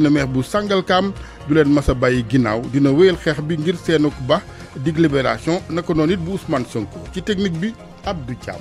le maire bu Sangalkam du leen mas bàyyi ginnaaw dina wéyal xeex bi ngir seenuk ba dig libération naka noonu it bu Ousmane Sonko ci technique bi ab Thiam.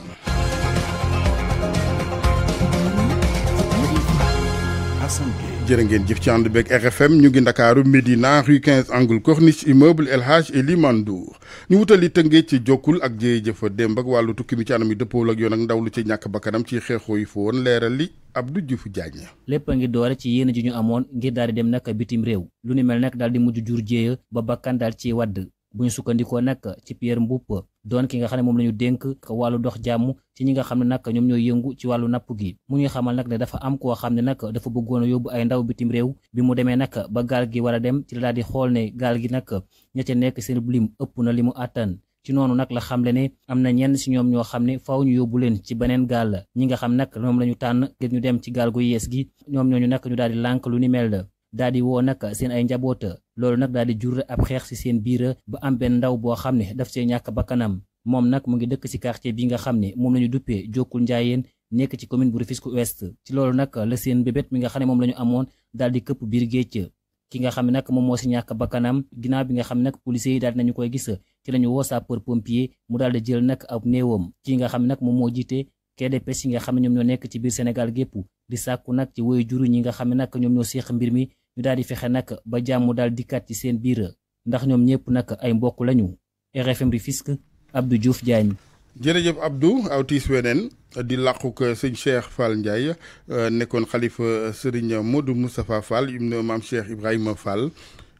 Assane jërë ngeen jëf ci ànd beeg RFM ñu ngi ndakaaru Médina rue 15 angle corniche immeuble El Hadj Elie Mandour ñu wutali tëngee ci jokkul ak jéye jëfa démb ak wàllu tukki mi ci anam yi dëppool ak yoon ak ndaw lu ci ñàkk bakkanam ci xeexoo yi fa li leeral li Abdou Diouf Diagne lépp a ngi doore ci yéen ji ñu amoon ngir daal di dem nag bitim réew lu ni mel nag daal di mujj jur jéeya ba bakkan daal ci wadd bu ñu sukkandikoo nag ci Pierre Mboup doon ki nga xam ne moom lañu ñu dénk wàllu dox jàmm ci ñi nga xam ne nag ñoom ñooy yëngu ci wàllu napp gi mu ñuy xamal nag ne dafa am koo xam ne nag dafa bëggoon a yóbbu ay ndaw bitim réew bi mu demee nag ba gaal gi war a dem ci la daal di xool ne gaal gi nag ña ca nekk seen lim ëpp na li mu àttan ci noonu nag la xamle ne am na ñenn si ñoom ñoo xam ne faaw ñu yóbbu leen ci beneen gaal la ñi nga xam nag moom la ñu tànn ngir ñu dem ci gaal gu yees gi ñoom ñooñu nag ñu daal di lànk lu ni mel la daal di woo nag seen ay njaboota loolu nag daal di jur ab xeex ci seen biir ba am benn ndaw boo xam ne daf see ñàkk bakkanam moom nag mu ngi dëkk ci quartier bi nga xam ne moom la ñu duppee Jokkul Njaayeen nekk ci commune bu Rufisque Ouest loolu nag la seen bébét mi nga xam ne moom la ñu amoon daal di këpp biir géej ki nga xam ne nag moom moo si ñàkk bakkanam ginnaaw bi nga xam ne nag policiers yi daal nañu koy gis ci la ñu woo sapeur pompier mu daal di jël nag ab néewam ki nga xam ne nag moom moo jiite KDPES yi nga xam ne ñoom ñoo nekk ci biir Sénégal gépp di sàkku nag ci woy ñi nga xam ne nag ñoom ñoo séeq mbir mi ñu daal di fexe nag ba jàmm daal dikkaat ci seen biir ndax ñoom ñëpp nag ay mbokk lañu RFM Rufisque Abdou Diouf Diagne. jërëjëf Abdou aw tiis weneen di làquk sëñ Cheikh Fall Ndiaye euh, nekkoon xalifa sëriñ Modou Moustapha Fall ibn maam Cheikh Ibrahima Fall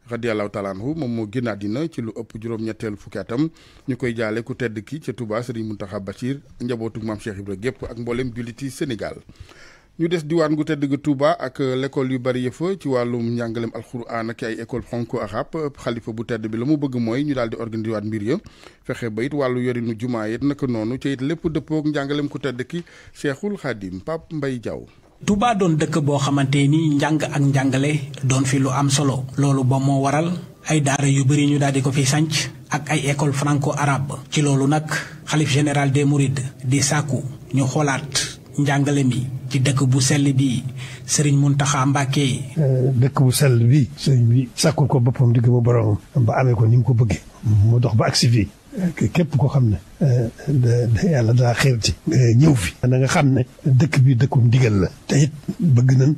radiallahu taala anhu moom moo génn àddina ci lu ëpp juróom-ñetteelu fukki atam ñu koy jaale ku tedd ki ca Touba sëriñ Mountakha Bachir njabootuk maam Cheikh Ibrahima gépp ak mboolem julliti senegal ñu des diwaan gu tedd ga Touba ak euh, l'école yu bari yëfa ci wàllum njàngalem alxuraan ak ay école franco arabe euh, xalifa bu tedd bi la mu bëgg mooy ñu daal di organiser waat mbir fexe ba it wàllu yorinu jumaa it naka noonu ca lépp dëppook njàngalem ku tedd ki Seexul Xaadim Pape Mbaye Diaw Touba doon dëkk boo xamante ni njàng ak njàngale doon fi lu am solo loolu ba moo waral ay daara yu bëri ñu daal di ko fi sanc ak ay école franco arabe ci loolu nag xalif général des mourides di sàkku ñu xoolaat njàngale mi ci dëkk bu sell bi sëriñ Muntaxa Mbàkke eh, dëkk bu sell bi sëriñ bi sàkkul ko boppam digg ba boromam ba amee ko ni mu ko bëggee mu dox ba agsi fii képp koo xam ne euh, euh, da yàlla daa xeer ci euh, ñëw fi na nga xam ne dëkk bi dëkkum digal la te it bëgg nañ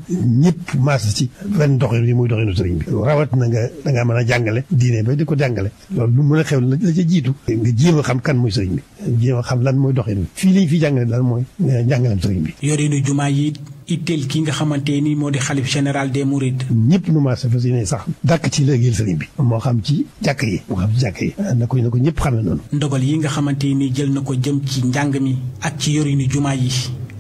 ñëpp maasa si benn doxin bi muy doxinu sëriñ bi rawat na nga da mën a jàngale diine ba di ko jàngale loolu lu mën a xew la ca jiitu nga jéem a xam kan muy sëriñ bi jéem a xam lan mooy doxin bi fii liñ fi jàngale daal mooy njàngalem sëriñ bi itteel kii nga xamante nii moo di xalif général de mourides. ñëpp nu maa sa fas yéene sax. dàkk ci liggéeyal sëriñ bi. moo xam ci jàkk yi. moo xam ci jàkk yi. na ko na ko ñëpp xamee noonu. ndogal yi nga xamante nii jël na ko jëm ci njàng mi. ak ci yorinu jumaa yi.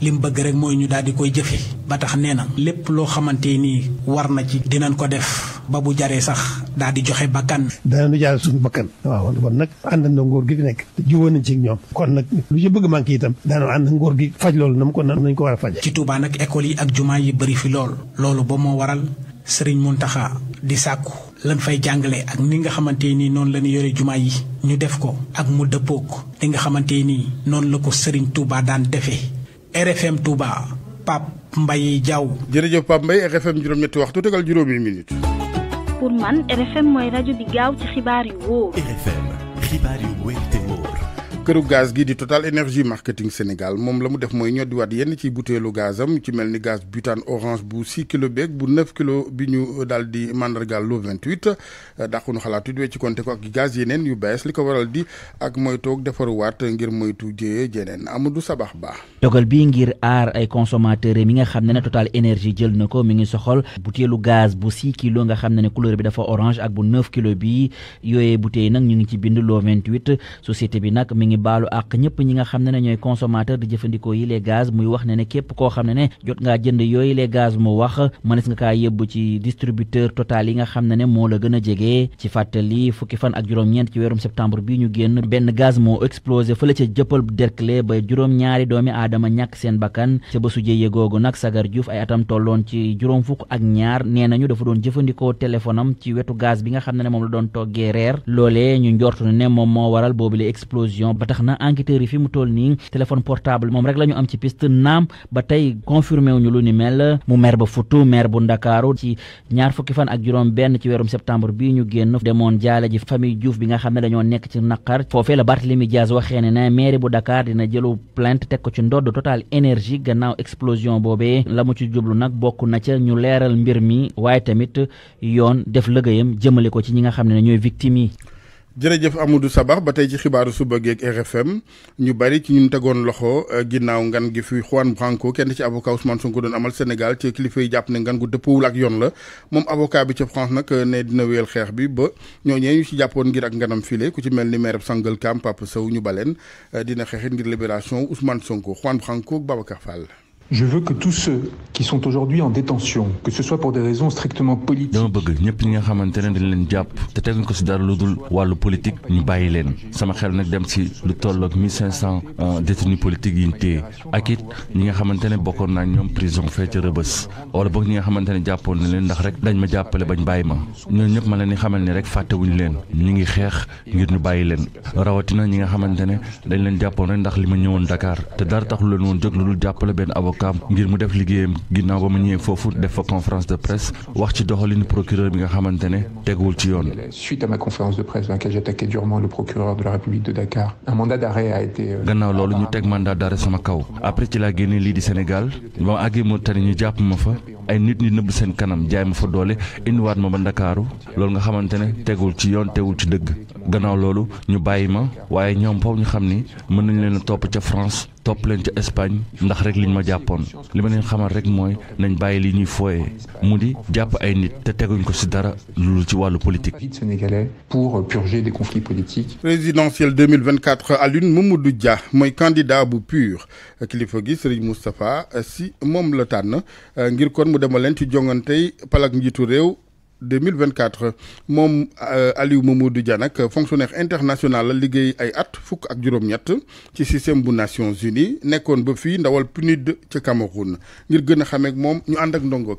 li bëgg rek mooy ñu daal di koy jëfe ba tax nee na lépp loo xamante nii war na ci dinañ ko def. ba bu jaree sax daal di joxe bakkan. danañu jaare suñu bakkan. waaw kon nag na ngóor gi fi nekk. jiwoon nañ ci ñoom. kon nag lu ci bëgg yi itam. daanoo ànd ngóor gi faj loolu na mu ko nañ ko war a faj. ci Touba nag école yi ak jumaa yi bëri fi lool. loolu ba moo waral Serigne Mountakha di sàkku. lan fay jàngale ak ni nga xamante nii noonu la ñu yore jumaa yi. ñu def ko ak mu dëppook li nga xamante ni noonu la ko Serigne Touba daan defee. RFM Touba Pape Mbaye Diaw. jërëjëf Pape Mbaye RFM juróom-ñetti waxtu tegal juróomi pour man RFM mooy rajo bi gaaw ci xibaar yu wóor. RFM xibaar yu wóor te këru gaz gi di Total Energy Marketing Sénégal moom la mu def mooy ñoddiwaat yenn ci butéelu gazam ci mel ni gaz butane orange bu 6 kilo beeg bu 9 kilo bi ñu daal di mandargaal lo 28 dàqunu xalaat ci konte ko ak yeneen yu bees li ko waral di ak mooy toog defaruwaat ngir moytu jéyee jeneen Amadou Sabax Ba dogal bi ngir aar ay consommateurs mi nga xam ne ne Total Energy jël na ko mi ngi soxol butéelu gaz bu 6 kilo nga xam ne ne couleur bi dafa orange ak bu 9 kilo bi yooyee butéey nag ñu ngi ci bind lo 28 société bi nag mi ngi ngi baalu àq ñi nga xam ne ne ñooy consommateur di jëfandikoo yi les gaz muy wax ne ne képp koo xam ne ne jot ngaa jënd yooyu les gaz mu wax mënees nga kaa yóbbu ci distributeur total yi nga xam ne ne moo la a ak juróom-ñeent ci weerum septembre bi ñu génn benn gaz moo explosé fële ca jëppal derkle ba juróom-ñaari doomi doon jëfandikoo téléphone ci wetu gaz bi nga xam ne ne moom la doon toggee reer ñu njortu ne moom moo waral boobu la explosion ba tax na enquêteurs yi fi mu toll nii téléphone portable moom rek lañu am ci piste naam ba tey confirmé wuñu lu ni mel mu maire ba futu maire bu ndakaaru ci ñaar fukki fan ak juróom benn ci weerum septembre bii ñu génn demoon jaale ji famille Diouf bi nga xam ne dañoo nekk ci naqar foofee la Barthélemy Diaz waxee ne ne maire bu Dakar dina jëlu plainte teg ko ci ndodd Total Énergie gannaaw explosion boobee la mu ci jublu nag bokk na ca ñu leeral mbir mi waaye tamit yoon def lëgëyam jëmale ko ci ñi nga xam ne ñooy victime jërëjëf Amadou Sabax ba tey ci xibaaru suba geeg RFM ñu bari ci ñun tegoon loxo eh, ginnaaw ngan gi fi Juan Branco kenn ci avocat Ousmane Sonko doon amal Sénégal ci kilifa yi jàpp ne ngan gu dëppwul ak yoon la moom avocat bi ca France nag eh, ne dina wéyal xeex bi ba ñooñee ñu ci jàppoon ngir ak nganam file ku ci mel ni maire Sangalkam Papa Sow ñu baleen eh, dina xeexit ngir libération Ousmane Sonko Juan Branco Babacar Fall. Je veux que tous ceux qui sont aujourd'hui en détention, que ce soit pour des raisons strictement politiques. dama bëgg ñëpp ñi nga xamante ne dañ leen jàpp te teguñ ko si dara lu dul wàllu politique ñu bàyyi leen sama xel nag dem si lu tolloog 1500 euh, détenus politiques yi ñu téye ak it ñi nga xamante ne bokkoon naa ñoom prison fee ca Rëbës wala boog ñi nga xamante ne jàppoon na leen ndax rek dañ ma jàppale bañ bàyyi ma ñooñu ñëpp ma leen di xamal ni rek fàttewuñu leen ñu ngi xeex ngir ñu bàyyi leen rawatina ñi nga xamante ne dañ leen jàppoon rek ndax li ma ñëwoon Dakar te dara tax lu leen woon jóg lu dul jàppale benn avocat avocat ngir mu def liggéeyam ginnaaw ba mu ñëwee foofu def fa conférence de presse wax ci doxalinu procureur bi nga xamante ne yoon. suite à ma conférence de presse dans laquelle j'attaquais la République de Dakar a été. Euh, gannaaw loolu ñu teg mandat d'arrêt sama kaw après ci laa génnee lii di Sénégal ba àggee Mauritanie ñu jàpp ma fa ay nit ñi nëbb seen kanam jaay ma fa doole indiwaat ma ba Ndakaaru loolu nga xamante ne teguwul ci yoon teguwul ci dëgg. gannaaw loolu ñu bàyyi ma waaye ñoom foofu ñu xam ni mën nañ leen a topp ca France topp leen ca Espagne ndax rek liñ ma jàppoon li ma leen xamal rek mooy nañ bàyyi li ñuy fooye mu di jàpp ay nit te teguñ ko ci dara lu ci wàllu politique. sénégalais pour purger des conflits politiques. présidentielle 2024 Alioune Mamadou Dia mooy candidat bu PUR kilifa gi Serigne Moustapha si moom la tànn ngir kon mu demal leen ci jongantey palak njiitu réew. 2024 moom euh, Aliou Mamadou Dia nag fonctionnaire international la liggéey ay at fukk ak juróom-ñett ci système bu Nations Unies nekkoon ba fii ndawal PNUD ca Cameroun ngir gën a xamee ak moom ñu ànd ak ndongo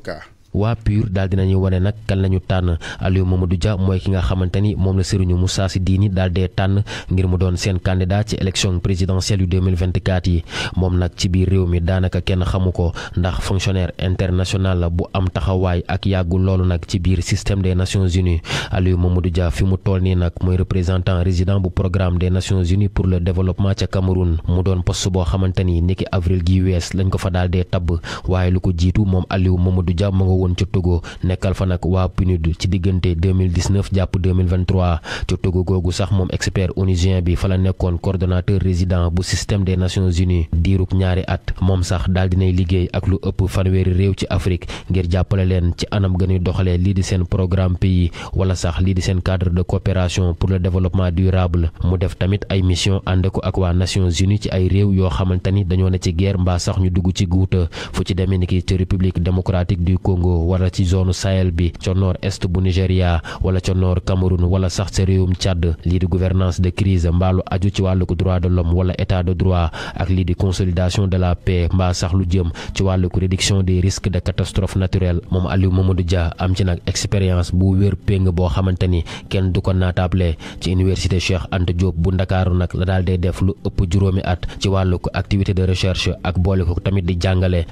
waa PUR daal dinañu wane nag kan la ñu tànn Aliou Mamadou Dia mooy ki nga xamante ni moom la Serigne Moussa Sy Dini daal dee tànn ngir mu doon seen candidat ci élection présidentielle yu 2024 yi moom nag ci biir réew mi daanaka kenn xamu ko ndax fonctionnaire international bu am taxawaay ak yàggu loolu nag ci biir système des Nations Unies Aliou Mamadou Dia fi mu toll nii nag mooy représentant résident bu programme de Nations Unies pour le développement ca Cameroun mu doon poste xamante ni niki avril gi wees lañ ko fa daal dee tabb waaye lu ko jiitu moom Aliou Mamadou Dia woon ca Togo nekkal fa nag waa PNUD ci diggante 2019 jàpp 2023 ca Togo googu sax moom expert onusien bi fa la nekkoon coordonnateur résident bu système des Nations Unies diiruk ñaari at moom sax daal dinay liggéey ak lu ëpp fanweeri réew ci Afrique ngir jàppale leen ci anam gënuy doxalee lii di seen programme pays wala sax lii di seen cadre de coopération pour le développement durable mu def tamit ay mission ànd ko ak waa Nations Unies ci ay réew yoo xa ni dañoo ne ci guerre mbaa sax ñu dugg Congo wala ci zone Sahel bi ca est bu Nigéria wala ca nord wala sax ca réewum Tchad lii di gouvernance de crise mbaalu aju ci wàllu droit de l'homme wala état de droit ak lii di consolidation de la paix mbaa sax lu jëm ci wàllu réduction des risques de catastrophe naturelle moom Aliou Mamadou Dia am ci nag expérience bu wér péng boo xamante ni kenn du ko naataable ci université Cheikh Anta Diop bu Ndakaaru nag la daal day def lu ëpp juróomi at ci wàllu de recherche ak boole ko tamit di jàngale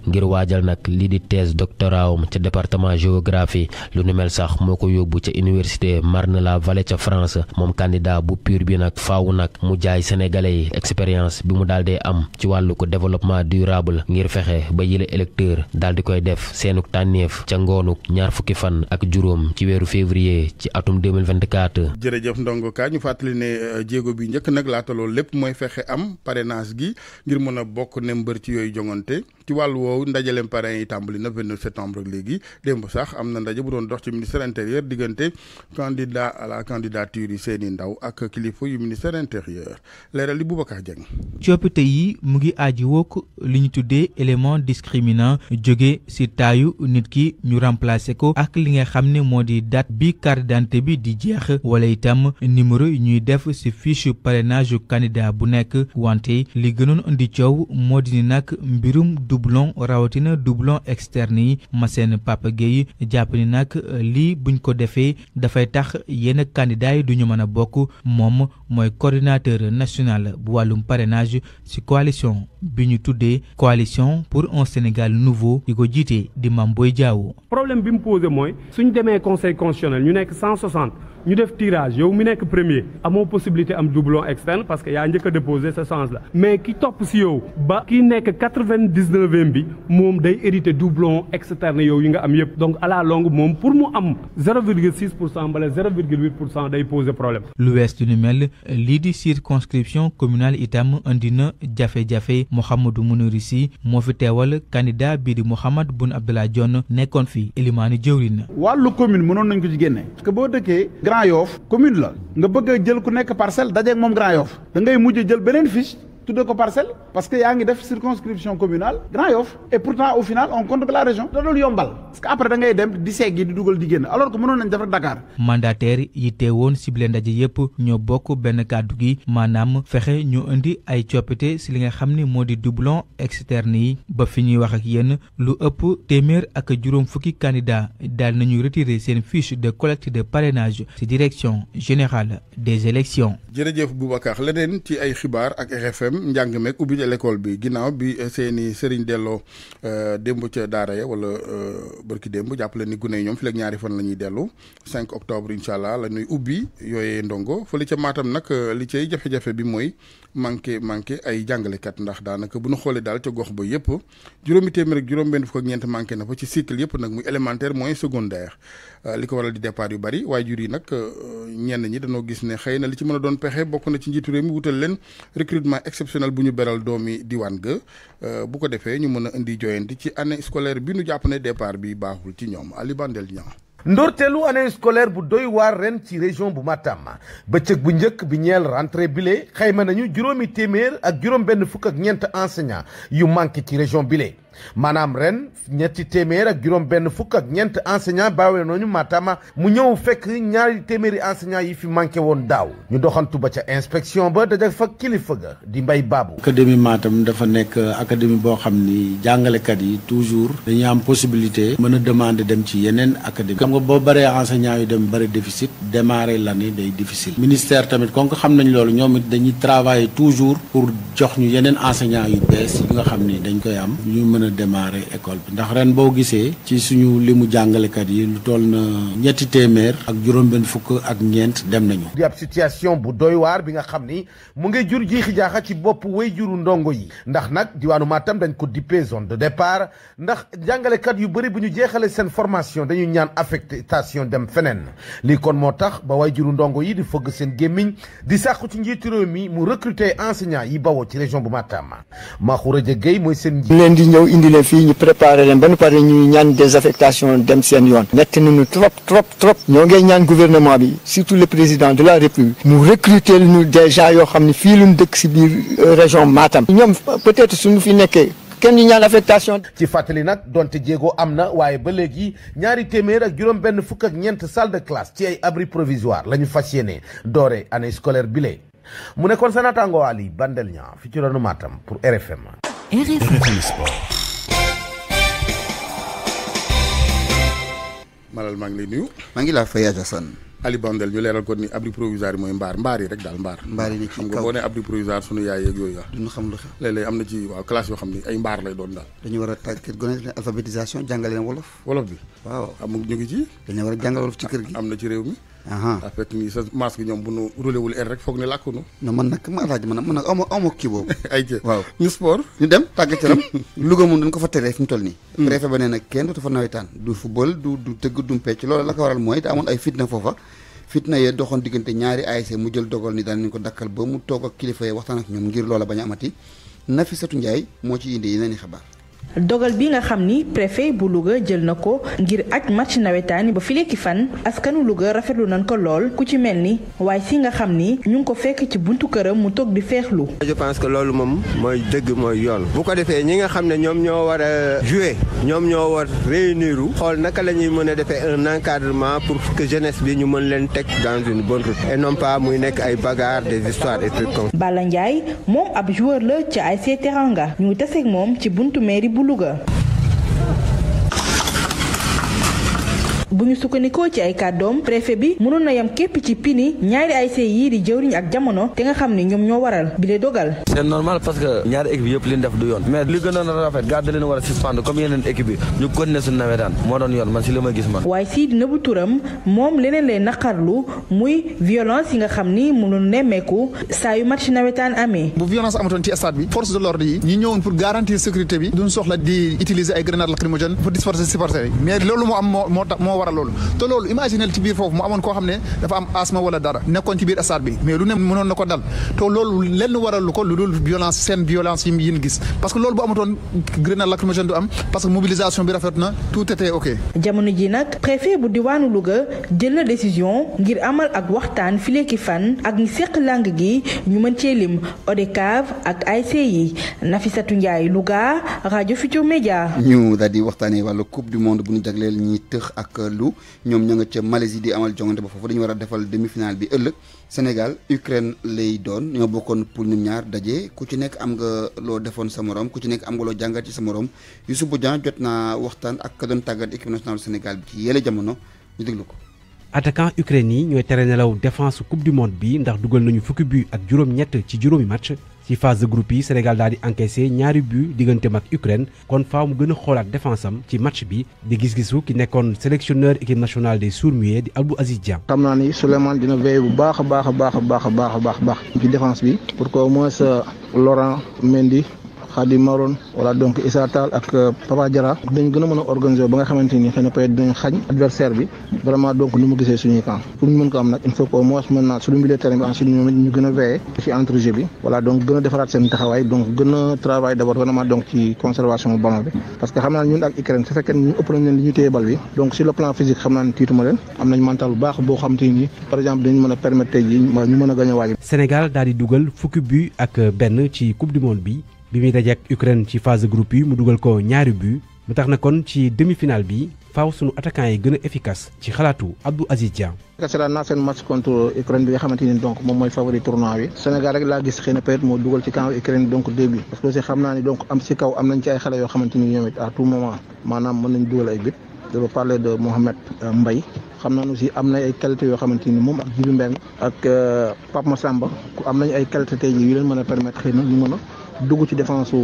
département géographie lu nu mel sax moo ko yóbbu ca université Marne la Vallée ca France moom candidat bu pur bi nag faaw nag mu jaay sénégalais yi expérience bi mu daal dee am ci wàllu ko développement durable ngir fexe ba yile électeur daal di koy def seenuk tànneef ca ngoonuk ñaar fukki fan ak juróom ci weeru février ci atum 2024. jërëjëf ndongo ka ñu fàttali ne euh, jéego bi njëkk nag laata loolu lépp mooy fexe am parrainage gi ngir mën a bokk ne mbër ci yooyu joŋante. ci wàllu woowu ndajaleem parrain yi tàmbali na 29 septembre ak léegi démb sax am na ndaje bu doon dox ci ministère intérieur diggante candidat à la candidature yi seeni ndaw ak kilifa yu ministère intérieur leeral li Boubacar Dieng. coppite yi mu ngi aaji wook li ñu tuddee élément discriminant jóge si taayu nit ki ñu remplacer ko ak li nga xam ni moo di date bi carte d'identité bi di jeex wala itam numéro yi ñuy def si fiche parrainage candidat bu nekk wante li gënoon indi coow moo di nag mbirum doublon rawatina doublon externe ma Massène Papa Gueye jàpp ni nag euh, lii bu buñ ko defee dafay tax yenn candidat yi duñu mën a bokk moom mooy coordinateur national bu wàllum parrainage ci coalition bi ñu tuddee coalition pour un Sénégal nouveau di ko jiitee di Mame booy Diao problème bi mu posé mooy suñ demee conseil constitutionnel ñu nekk ñu def tirage yow mi nekk premier amoo possibilité am doublon externe parce que yaa njëkk a déposé sa chance la mais ki topp si yow ba ki nekk quatre-vingt-dix-neuvième bi moom day hérité doublon externe yow yi nga am yëpp donc à la longue moom pour mu am zéro virgule pour cent mbala zéro virgule huit pour cent day posé problème. lu wees du ni mel lii di circonscription communale itam indi na jafe-jafe Mouhamadou Mounirou Sy moo fi teewal candidat bii di Mouhamad Boun Abdallah Dionne nekkoon fi Elimani jëwriñ na. wàllu commune mënoon nañ ko ci génne parce que boo dëkkee Grand Yoff commune la nga bëgg a jël ku nekk parcelle dajeeg moom Grand Yoff da ngay mujj jël beneen fiche tuddee ko parcelle parce que yaa ngi def circonscription communale Grand Yoff et pourtant au final on compte que la région da doon yombal parce que après da ngay dem di seeg yi di dugal di génn alors que mënoon nañ Dakar mandataire yi teewoon si bile ndaje yëpp ñoo bokk benn kàddu gi maanaam fexe ñu indi ay coppite si li nga xam ni moo di doublon externe yi ba fi ñuy wax ak yénn lu ëpp téeméer ak juróom fukki candidat daal nañu retirer seen fiche de collecte de parrainage ci direction générale des élections jërëjëf Boubacar ci ay xibaar ak itam njàng meeg ubbi l'école bi ginnaaw bi eh, seeni sëriñ delloo eh, démb ca daara ya wala eh, bërki démb jàppale ni gune yi ñoom fi leeg ñaari fan la ñuy dellu 5 octobre incha allah la ñuy ubbi yooyee ndongo fële ca maatam nag li cay jafe-jafe bi mooy manqué manqué ay jàngalekat ndax daanaka bu ñu xoolee daal ca gox ba yëpp juróomi téeméer ak juróom-benn fukk ak ñeent manqué na fa ci cycle yëpp nag muy élémentaire mooy secondaire li ko waral di départ yu bari waaye yi nag ñenn ñi dañoo gis ne xëy na li ci mën doon pexe bokk na ci njiitu réew exceptionnel bu ñu beral doomi diwaan ga euh, bu ko defee ñu mën a indi joyanti ci année scolaire bi nu jàpp ne départ bi baaxul ci ñoom Ali Bandel Niang ndorteelu année scolaire bu doy waar ren ci région bu Matam bëccëg bu njëkk bi ñeel rentrée bile xayma nañu juróomi téeméer ak juróom benn fukk ak ñeent enseignant yu manqué ci région bile maanaam ren ñetti téeméer ak juróom benn fukk ak ñeent enseignant bawee nooñu Matam mu ñëw fekk ñaari téeméeri enseignant yi fi manqué woon daaw ñu doxantu ba ca inspection ba dajak fa kilifa ga di mbay baabu académie Matam dafa nekk académie boo xam ni jàngalekat yi toujours dañuy am possibilité mën a demander dem ci yeneen académie xam nga boo baree enseignant yu dem bëri déficit la l'année day difficile ministère tamit kon ko xam nañ loolu ñoom it dañuy travailler toujours pour jox ñu yeneen enseignant yi nga xam dañ koy a démarrer école bi ndax ren boo gisee ci suñu limu jàngalekat yi lu toll na ñetti téeméer ak juróom-benn fukk ak ñeent dem nañu. di ab situation bu doy waar bi nga xam ni mu ngi jur jiixi jaaxa ci bopp way juru ndongo yi ndax nag diwaanu Matam dañ ko dippee zone de départ ndax jàngalekat yu bëri bu ñu jeexalee seen formation dañuy ñaan affectation dem feneen lii kon moo tax ba way juru ndongo yi di fëgg seen gémmiñ di sàkku ci njiitu réew mi mu recruter enseignants yi bawoo ci région bu indi leen fii leen ba ñu pare ñuy ñaan désaffectation dem seen yoon metti nañu trop trop trop ñoo ngi ñaan gouvernement bi surtout le président de la république mu recruter ñu déjà yoo xam ne fii luñ dëkk si biir euh, région Matam ñoom peut-être suñu fi nekkee kenn ñu ñaan affectation. ci fàttali nag donte jéego am na waaye ba léegi ñaari téeméer ak juróom benn fukk ak ñeent sal de classe ci ay abri provisoire la ñu fas yéene doore année scolaire bi mu nekkoon sa naataango Ali Bandel ñaa fi ci ronu Matam pour Malal maa ngi lay nuyu. maa ngi laa fay Assane. Ali Bandel ñu leeral ko ni abri provisoire yi mooy mbaar mbaar yi rek daal mbaar. mbaar yi xam nga boo nee abri provisoire sunu yaay yeeg yooyu ah. duñu xam lu xew léeg am na ci waaw classe yoo xam ni ay mbaar lay doon daal. dañu war a tàggat gone leen alphabétisation jàngale leen wolof. wolof bi waaw am ñu ngi ci. dañu war a wolof ci kër gi am na ci réew mi. en fait ni sa masque ñoom bu nu roulé wul rek foog ne làkku nu man nag ma laaj man nag man nag amoo amoo kii boobu ay dem tàggat yaram Louga moom dañ ko fa teree fi mu toll nii mm. préfet ba kenn dootu fa nawetaan du football du du tëgg du mpecc la ko waral mooy da amoon ay foofa fitna yee doxoon diggante ñaari ASC mu jël dogal ni daal ñu ko dakkal ba mu toog ak kilifa yi waxtaan ak ñoom ngir loola bañ a amati Nafisatu Njaay moo ci indi yeneen i xabaar dogal bi nga xam ni préfet bu Louga jël na ko ngir aj match nawetaani ba fi fileeki fan askanu Louga rafetlu nañ ko lool ku ci mel ni waaye si nga xam ni ñu ngi ko fekk ci buntu këram mu toog di feexlu. je pense que loolu moom mooy dëgg mooy yoon bu ko defee ñi nga xam ne ñoom ñoo war a jouer ñoom ñoo war réunir xool naka la ñuy mën a defee un encadrement pour que jeunesse bi ñu mën leen teg dans une bonne route et non muy nekk ay bagarre des histoires et trucs comme. Balla ab joueur la ci ASC Teranga ñu ngi bu Louga bu ñu sukkandikoo ci ay kàddoom préfet bi mënoon na képp ci pini ñaari ASC yii di jëwriñ ak jamono te nga xam ne ñoom ñoo waral bi le dogal c'est normal parce que ñaari équipe yëpp li ñu du yoon mais li gënoon a rafet garde leen war a suspendre comme yeneen équipe yi ñu continuer suñu nawetaan moo doon yoon man si li ma gis man waaye sii dina bu turam moom leneen lay naqarlu muy violence yi nga xam ni mënul nemmeeku saa yu match ci stade moo waral loolu te loolu imaginel ci biir foofu mu amoon koo xam ne dafa am asma wala dara nekkoon ci biir stade bi mais lu ne mënoon na ko dal te loolu lenn waralu ko lu dul violence seen violence yi yin gis parce que loolu bu amatoon grenade lacrymogène du am parce que mobilisation bi rafet na tout était ok. jamono ji nag préfet bu diwaanu Louga jël na décision ngir amal ak waxtaan fileeki fan ak ñi seq lang gi ñu mën cee lim ODCAV ak ASC yi Nafisatu lu ñoom ña nga ca Malaisie di amal jongante ba foofu dañu war a defal demi-finale bi ëllëg Sénégal Ukraine lay doon ñoo bokkoon pour ñoom daje ku ci nekk am nga loo defoon sa morom ku ci nekk am nga loo jàngat ci sa morom Youssouf Bodian jot naa waxtaan ak ka doon tàggat équipe nationale Sénégal bi ci yële jamono ñu déglu ko. attaquant Ukraine yi ñooy tere nelaw défense coupe du monde bi ndax dugal nañu fukki but ak juróom-ñett ci juróomi match. ci phase de groupe yi Sénégal daal di encaissé ñaari but diggante mag Ukraine kon faaw mu gën a xoolaat défense am ci match bi di gis-gisu ki nekkoon sélectionneur équipe nationale des sourds-muets di Abdou Aziz Diam. xam naa ni Souleymane dina veillé bu baax a baax a baax a baax a baax a baax ci défense bi pour que au moins euh, Laurent Mendy Xadim Maron wala donc euh, a mën a organiser ba na peut être ni mu gisee suñuy camp pour ñu mën ko am nag il faut que au moins a veillé ci a defaraat xam naa ñun ak Ukraine su fekkee ñu ëpp nañ leen li ñu téye bi donc sur le physique xam naa ne tiituma leen am nañ mental bu baax boo xam te ni par exemple dañu mën a permettre tey a gañ a waaj Sénégal daal di dugal fukki but ak euh, benn ci coupe du monde bi bi muy dajeek Ukraine ci phase groupe yi mu dugal ko ñaari but mu tax na kon ci demi-finale bi faaw sunu attaquant yi gën a efficace ci xalaatu Abdou Aziz Dia. sera naa seen match contre Ukraine bi nga xamante ni donc moom mooy favori tournoi bi Sénégal rek laa gis xëy na peut-être moo dugal ci camp Ukraine donc début parce que aussi xam naa ni donc am si kaw am nañ ci ay xale yoo xamante ni ñoom it à tout maanaam mën nañ dugal ay bit je veux parler de Mohamed euh, Mbaye xam naa aussi am na ay yoo xamante ni moom ak ak euh, Pape am nañ ay qualité tey jii leen mën a permettre xëy na ñu mën a dugg ci défense su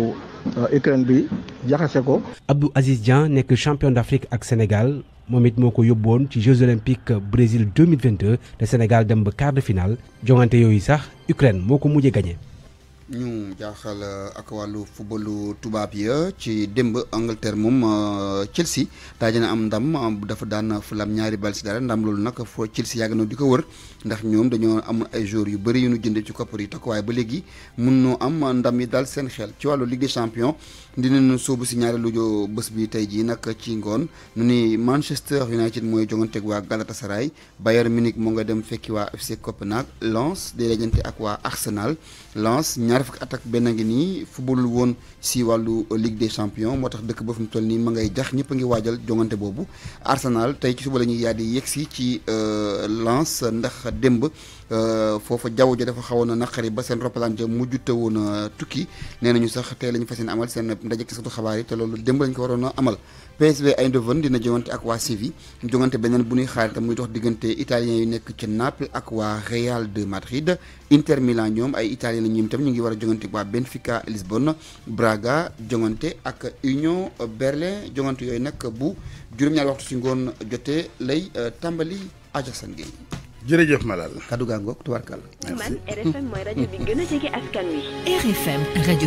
euh, Ukraine bi jaxase ko. Abdou Aziz Dian nekk champion d'Afrique ak Sénégal moom it moo ko yóbboon ci Jeux olympiques Brésil 2022 te Sénégal dem ba quart de finale yooyu sax Ukraine moo ko mujjee gagné. ñu jaaxal euh, ak wàllu footballu tubaab ya ci démb Angleterre moom euh, Chelsea daa na am ndam euh, dafa daan Fulham ñaari bal si ndam loolu nag foo Chelsea yàgg na di ko wër ndax ñoom dañoo am ay joueurs yu bari yu ñu jënd ci koppar yi takk waaye ba léegi mun noo am ndam yi daal seen xel ci wàllu Ligue des Champions. dinañu sóobu si ñaareelu bës bi tey jii nag ci ngoon nu ni Manchester United mooy jonganteeg waa Galatasaray Bayern Munich moo nga dem fekki waa FC Copenhague Lens day lajante ak waa Arsenal lance ñaar fukki at ak benn ngi nii footballul woon si wàllu Ligue des Champions moo tax dëkk ba fu mu toll nii mu ngay jax ñëpp ngi waajal jongante boobu Arsenal tey ci suba la ñuy yaa di yegsi ci euh, lance ndax démb. Euh, foofa jaww ji dafa xawoon a naqari ba seen roppalaan ja mujjute woon a tukki nee nañu sax tey la fa fas yéene amal seen ndaje ci satu xabaar yi te loolu démb lañ ko waroon a amal PSV Eindhoven dina jongante ak waa Séville jongante beneen bu ñuy xaar te mu dox diggante italien yu nekk ci Naples ak waa Real de Madrid Inter Milan ñoom ay italien la ñoom itam ñu ngi war a jongante ak waa Benfica Lisbonne Braga jongante ak Union Berlin jongante yooyu nag bu juróom-ñaari waxtu si ngoon jotee lay euh, tàmbali Aja San Gueye jërëjëf Malal. kaddu gaa ngoog tubaarkàlla. RFM mooy rajo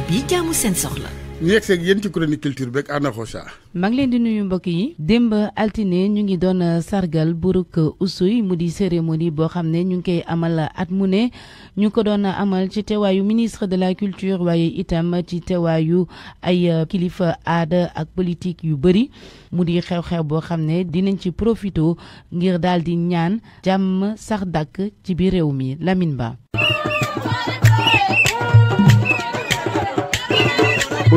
bi mm. gën ñu yegg seeg yéen ci chronique culture ngi leen di nuyu mbokk yi. démb altine ñu ngi doon euh, sargal buruk usuy mu di cérémonie boo xam ne ñu ngi koy amal at mu ne ñu ko doon amal ci teewaayu ministre de la culture waaye itam ci teewaayu ay euh, kilifa aada ak politique yu bari mu di xew-xew boo xam ne dinañ ci profito ngir daal di ñaan jàmm sax dàkk ci biir réew mi Lamine Ba.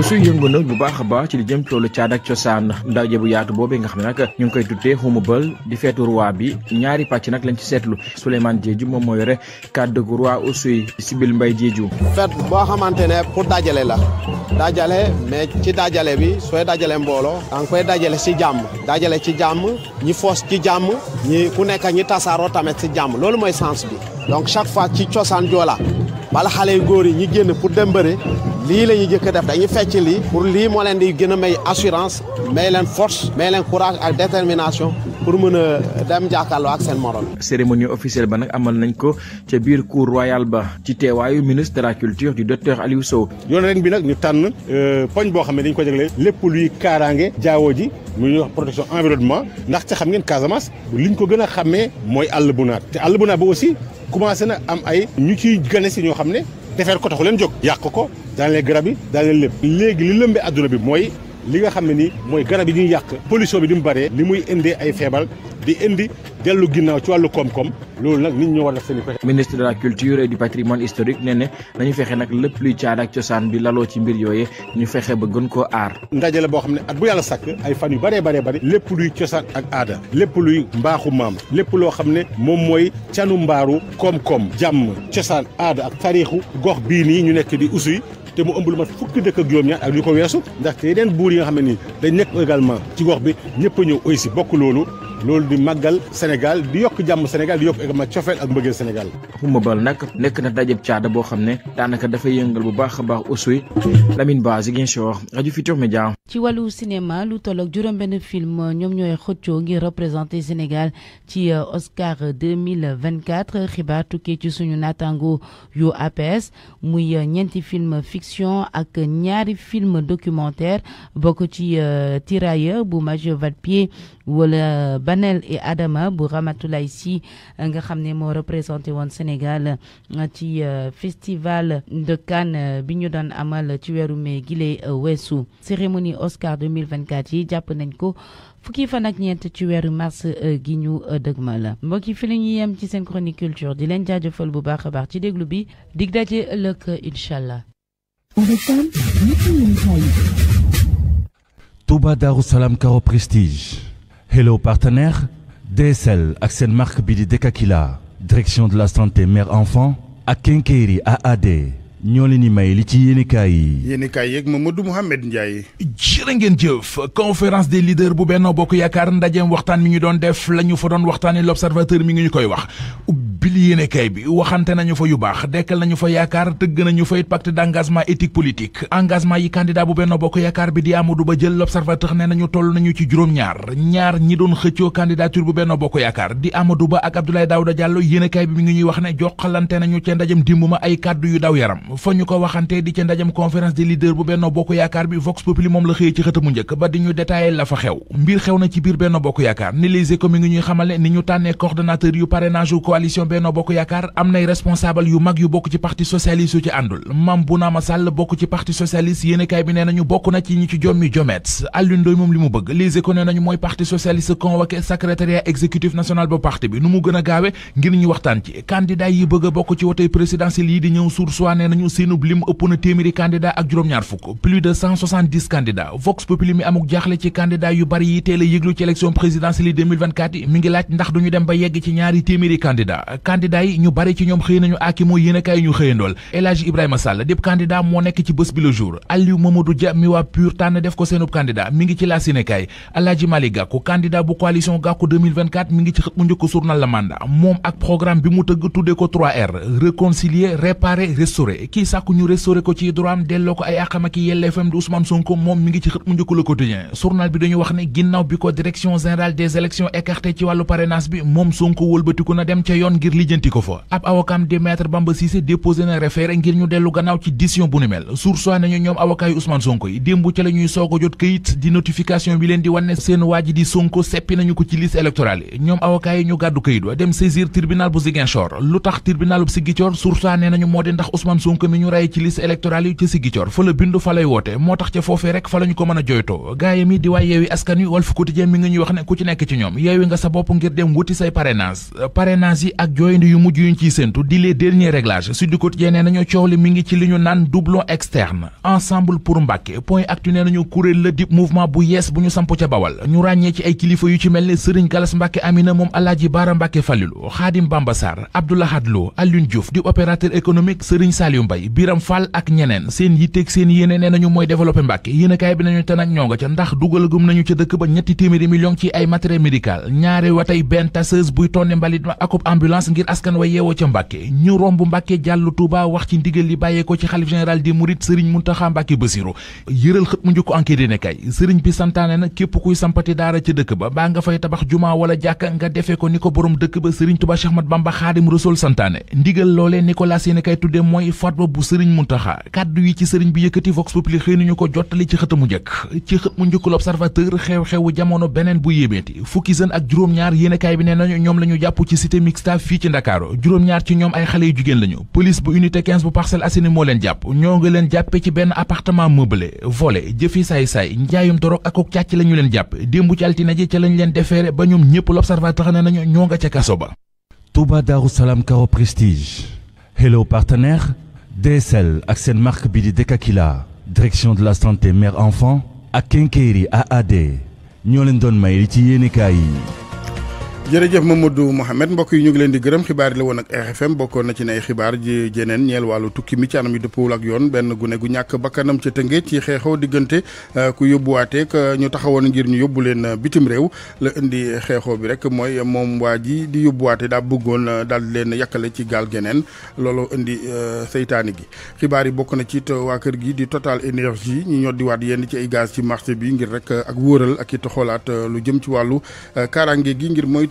aussi yëngu na bu baax a baax ci li jëm ci loolu caada ak cosaan ndaje bu yaatu boobee nga xam ne nag ñu ngi koy tuddee xumu bël di feetu roi bi ñaari pàcc nag lañ ci seetlu Souleymane Diédhiou moom moo yore kàddu gu roi aussi Sibylle Mbaye Diédhiou. feet boo xamante ne pour dajale la dajale mais ci dajale bi sooy dajale mbooloo. da nga koy dajale si jàmm dajale ci jàmm ñi foos ci jàmm ñi ku nekk ñi tasaaroo tamit si jàmm loolu mooy sens bi donc chaque fois ci cosaan joola wala xale yu góor yi ñi génn pour dembare bëri lii la ñuy jëkk def dañuy fecc lii pour lii moo leen di gën a may assurance may leen force may leen courage ak détermination pour mën a dem jàkkaarloo ak seen morom. cérémonie officielle ba nag amal nañ ko ca biir cour royale ba ci teewaayu ministre de la culture du docteur Aliou Sow. yoon ren bi nag ñu tànn euh, poñ boo xam ne dañ ko jagleel lépp luy kaaraange jaawoo ji muy ñuy wax protection environnement ndax ca xam ngeen Casamance liñ ko gën a xàmmee mooy àll bu naat ba aussi commencé na am ay ñu ciy gane si ñoo xam ne defar ko taxu leen jóg yàq ko daan leen garab yi daan lépp léegi li lëmbee adduna bi mooy li nga xam ne nii mooy garab yi ñuy yàq pollution bi di mu baree li muy indee ay feebar di indi dellu ginnaaw ci wàllu koom-koom loolu nag nit ñoo war a def seen i pexe. ministre de la culture et du patrimoine historique nee na nañu fexe nag lépp luy caada ak cosaan bi laloo ci mbir yooye ñu fexe ba gën koo aar. ndajale boo xam ne at bu yàlla sàkk ay fan yu bëree bëree bëri lépp luy cosaan ak aada lépp luy mbaaxu maam lépp loo xam ne moom mooy canu mbaaru koom-koom jàmm cosaan aada ak taarixu gox bii nii ñu nekk di usuy te mu ëmb lu mat fukki dëkk ak juróom-ñaar ak lu ko weesu ndaxte yeneen buur yi nga xam ne nii dañ nekk également ci gox bi ñëpp a ñëw si bokk loolu loolu di màggal Sénégal di yokk jàmm Sénégal di yokk également cofeel ak mbëggeel Sénégal. Ouma Bal nag nekk na dajab caada boo xam ne daanaka dafa yëngal bu baax a baax aussi Lamine Ba Ziguinchor rajo Futurs Médias. ci wàllu cinéma lu toll ak juróom-benn film ñoom ñooy xëccoo ngir représenter Sénégal ci euh, Oscar deux mille vingt quatre xibaar tukkee ci suñu naataango yu APS muy euh, ñeenti film fiction ak ñaari film documentaire bokk ci euh, tirailleur bu Mathieu Vadepied. wala Banel et Adama bu Ramatoulaye Sy euh, nga xam ne moo représenté woon Sénégal euh, ci euh, festival de Cannes bi ñu daan amal ci weeru mais gile weesu cérémonie Oscar 2024 yi jàpp nañ ko fukki fan ak ñeent ci weeru mars gi ñu dëgmal mbokk yi fi la ñuy yem ci seen chronique culture di leen jaajëfal bu baax a baax ci déglu bi dig daje ëllëg incha allah. Touba Darou Salam Prestige. hello partenaire DSL ak seen marque bi di Dekakila direction de la santé mère enfant ak Kenkeyri AAD ñoo leen di may li ci yéenekaay yi. yéenekaay yeeg Mamadou Mouhamed Ndiaye. jërë ngeen jëf conférence de leaders bu Benno Bokk Yaakaar ndajeem waxtaan mi ñu doon def la ñu fa doon waxtaanee l'observateur mi ngi ñu koy wax. ubbil yéenekaay bi waxante nañu fa yu baax dekkal nañu fa yaakaar tëgg nañu fa pacte d'engagement éthique politique engagement yi candidat bu Benno Bokk Yaakaar bi di Amadou Ba ak Abdoulaye Daouda Diallo yéenekaay bi ngi ñuy wax ne joxalante nañu ca ndajam dimb ma ay kàddu yu daw yaram fa ñu ko waxante di ca ndajam conférence des leaders bu Benno Bokk Yaakaar bi moom la xëyee ci xëtamu njëkk ba di ñu détaillé la fa xew mbir xew na ci biir Benno Bokk Yaakaar Benno Bokk Yaakaar am nay responsable yu mag yu bokk ci parti socialiste yu ci àndul Mame Bounama Sall bokk ci parti socialiste yéenekaay bi nee nañu bokk na ci ñi ci jommi moom li mu bëgg Les Échos nee nañu mooy parti socialiste convoqué secrétariat exécutif national ba parti bi nu mu gën a gaawe ngir ñu waxtaan ci candidat yi bëgg a bokk ci wotey présidentielle yi di ñëw sur soi nee nañu seenub lim ëpp na téeméeri candidat ak juróom a yëglu ci élection présidentielle candidat yi ñu bari ci ñoom xëy nañu ak moo yéen a kaay ñu xëyandool El Hadj Ibrahima Sall dib candidat moo nekk ci bés bi le jour Aliou Mamadou Dia mi waa PUR tànn def ko seenub candidat mi ngi ci laa sinekaay El Hadj Malick Gakou bu coalition Gakou mi ngi ci xët mu njëkk journal la mandat moom ak programme bi mu tëgg tuddee ko 3R réconcilier réparer restaurer kii sàkku ñu restaurer ko ci droit am delloo ko ay àqam ak yelleefam di Ousmane Sonko moom mi ngi ci xët mu njëkk Le dañu wax ne ginnaaw bi ko direction générale des élections écarté ci wàllu moom Sonko wëlbatiku na dem ca yoon ngir lijjanti ko fa ab awakaam di maître Bamba Cissé déposé na référé ngir ñu dellu gannaaw ci décision bu ni mel sursoi nañu ñoom avocat yu Sonko yi démb ca la ñuy jot këyit di notification bi leen di wanne seen waa ji di Sonko seppi nañu ko ci liste électorale yi ñoom avocat yi ñu gàddu këyit wa dem saisir tribunal bu Ziguinchor lu tax tribunal bu Ziguinchor nañu moo di ndax Ousmane Sonko mi ñu ray ci liste électorale yi ca jooyndi yu mujj yuñ ciy séntu di les derniers réglages Sud ne nee nañu coow mi ngi ci li ñu naan doublon externe ensemble pour Mbàkke point actu nee nañu kuréel la dip mouvement bu yees bu ñu samp ca Bawal ñu ràññee ci ay kilifa yu ci mel ne Sëriñ Galas Mbàkke Amina moom Alaaji Baara Mbàkke Falilu Xaadim Bamba Sarr Abdoulahad Lo Alioune Diouf di opérateur économique Sëriñ Saliou Mbay Biram Fall ak ñeneen seen yitteeg seen yéene nee nañu mooy développé Mbàkke yéenekaay bi nañu te nag ñoo nga ca ndax dugal gum nañu ca dëkk ba ñetti téeméeri million ci ay matériel médical ñaari watay benn place ngir askan wa yeewoo ca Mbàkke ñu romb Mbàkke jàll Tuuba wax ci ndigal li bàyyee ko ci xalif général di murit sëriñ Muntaxa Mbàkke Basiru yëral xët mu njëkk enquête ne kay bi santaane na képp kuy sampati daara ca dëkk ba baa nga fay tabax juma wala jàkka nga defee ko ni ko borom dëkk ba sëriñ Tuuba Cheikh Ahmat Bamba Xaadim Rasuul santaane ndigal loolee Nicolas yéene kay tudde mooy fatwa bu sëriñ Muntaxa kàddu yi ci sëriñ bi yëkkati Vox Populi xëy nañu ko jottali ci xët mu njëkk ci xët mu njëkk l'Observateur xew xew jamono beneen bu yéebeeti fukki sën ak juróom-ñaar yéene kay bi ne nañu ñoom la ñu jàpp ci ci ndakaaru juróom-ñaar ci ñoom ay xale yu jigéen lañu police bu unité 15 bu Parcelles Assainies moo leen jàpp ñoo ngi leen jàppe ci benn appartement meublé volé jëfi saay-saay njaayum dorog ak ak càcc la ñu leen jàpp démb ci altine ji ca lañ leen defeere ba ñoom ñëpp l'observateur ne nañu ñoo nga ca kaso ba Touba Darou Salam Caro Prestige hello partenaire DSL ak seen marque bi di Dekakila direction de la santé mère enfant ak Kenkeri AAD ñoo leen doon may ci yéenekaay yi jërëjëf Mamadou Mohamed mbokk yi ñu ngi leen di gërëm xibaar yi la woon ak RFM bokkoon na ci ne ay xibaar ji jeneen ñeel wàllu tukki mi ci anam yi dëppawul ak yoon benn gune gu ñàkk bakkanam ca tënge ci xeexoo diggante euh, ku yóbbuwaateek euh, ñu taxawoon ngir ñu yóbbu leen euh, bitim réew la indi xeexoo bi rek mooy moom waa ji di yóbbuwaate daa bëggoon daal di leen yàkkale ci gaal geneen loolu indi seytaane gi xibaar yi bokk na ci waa kër gi di Total Énergie ñu ñoddi waat yenn ci ay gaz ci marché bi ngir rek ak wóoral ak it xoolaat lu jëm ci wàllu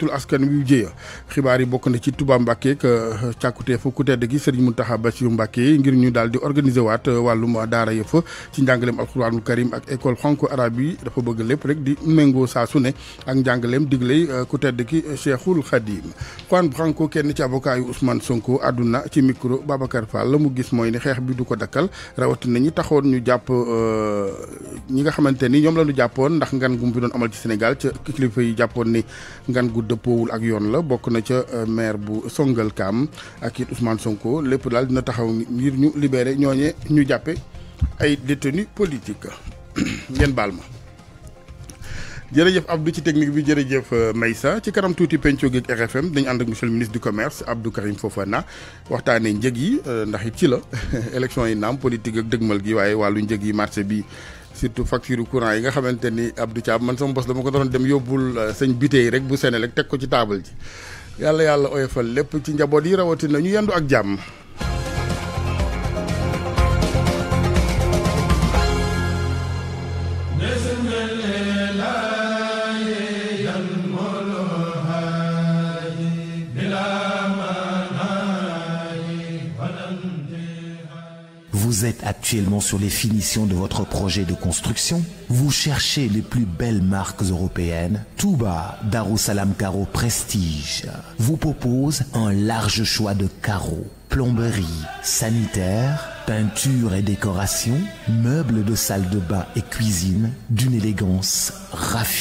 moytul askan wi jéya xibaar yi bokk na ci Touba Mbacke ak euh, càkkutee fa ku tedd gi Serigne Mountakha Bassirou Mbacke ngir ñu daal di organiser waat euh, wàllum daara yëf ci njàngaleem alxuraanul karim ak école franco arabe yi dafa bëgg lépp rek di méngoo saa su ne ak njàngaleem digley euh, ku tedd ki Cheikhul Khadim Juan Branco kenn ci avocat yu Ousmane Sonko àdduna ci micro Babacar faa la mu gis mooy ni xeex bi du ko dakkal rawatina ñi taxoon ñu jàpp ñi nga xamante ni ñoom la ñu ndax ngan gum fi ci Sénégal ca dëppoowul ak yoon la bokk na ca euh, maire bu Songalkam ak it Ousmane Sonko lépp daal dina taxaw ngir ñu libéré ñooñe ñu jàppe ay détenus politiques ngeen baal ma. jërëjëf Abdou ci technique bi jërëjëf euh, Maysa ci kanam tuuti penco geeg RFM dañu ànd ak monsieur le ministre du commerce Abdou Karim Fofana waxtaanee njëg yi euh, ndax it ci la élection yi naam politique ak dëgmal gi waaye wàllu njëg yi marché bi. surtout facture courant yi nga xamante ni Abdou Thiam man sama bos dama ko doon dem yóbbul euh, sëñ bité yi rek bu Senelec teg ko ci taabal ji yàlla yàlla oyofal lépp ci njaboot yi rawatina ñu yendu ak jàmm. Vous êtes actuellement sur les finitions de votre projet de construction. Vous cherchez les plus belles marques européennes. Touba Darussalam Caro Prestige vous propose un large choix de carreaux, plomberie, sanitaire, peinture et décoration, meubles de salle de bain et cuisine d'une élégance raffinée.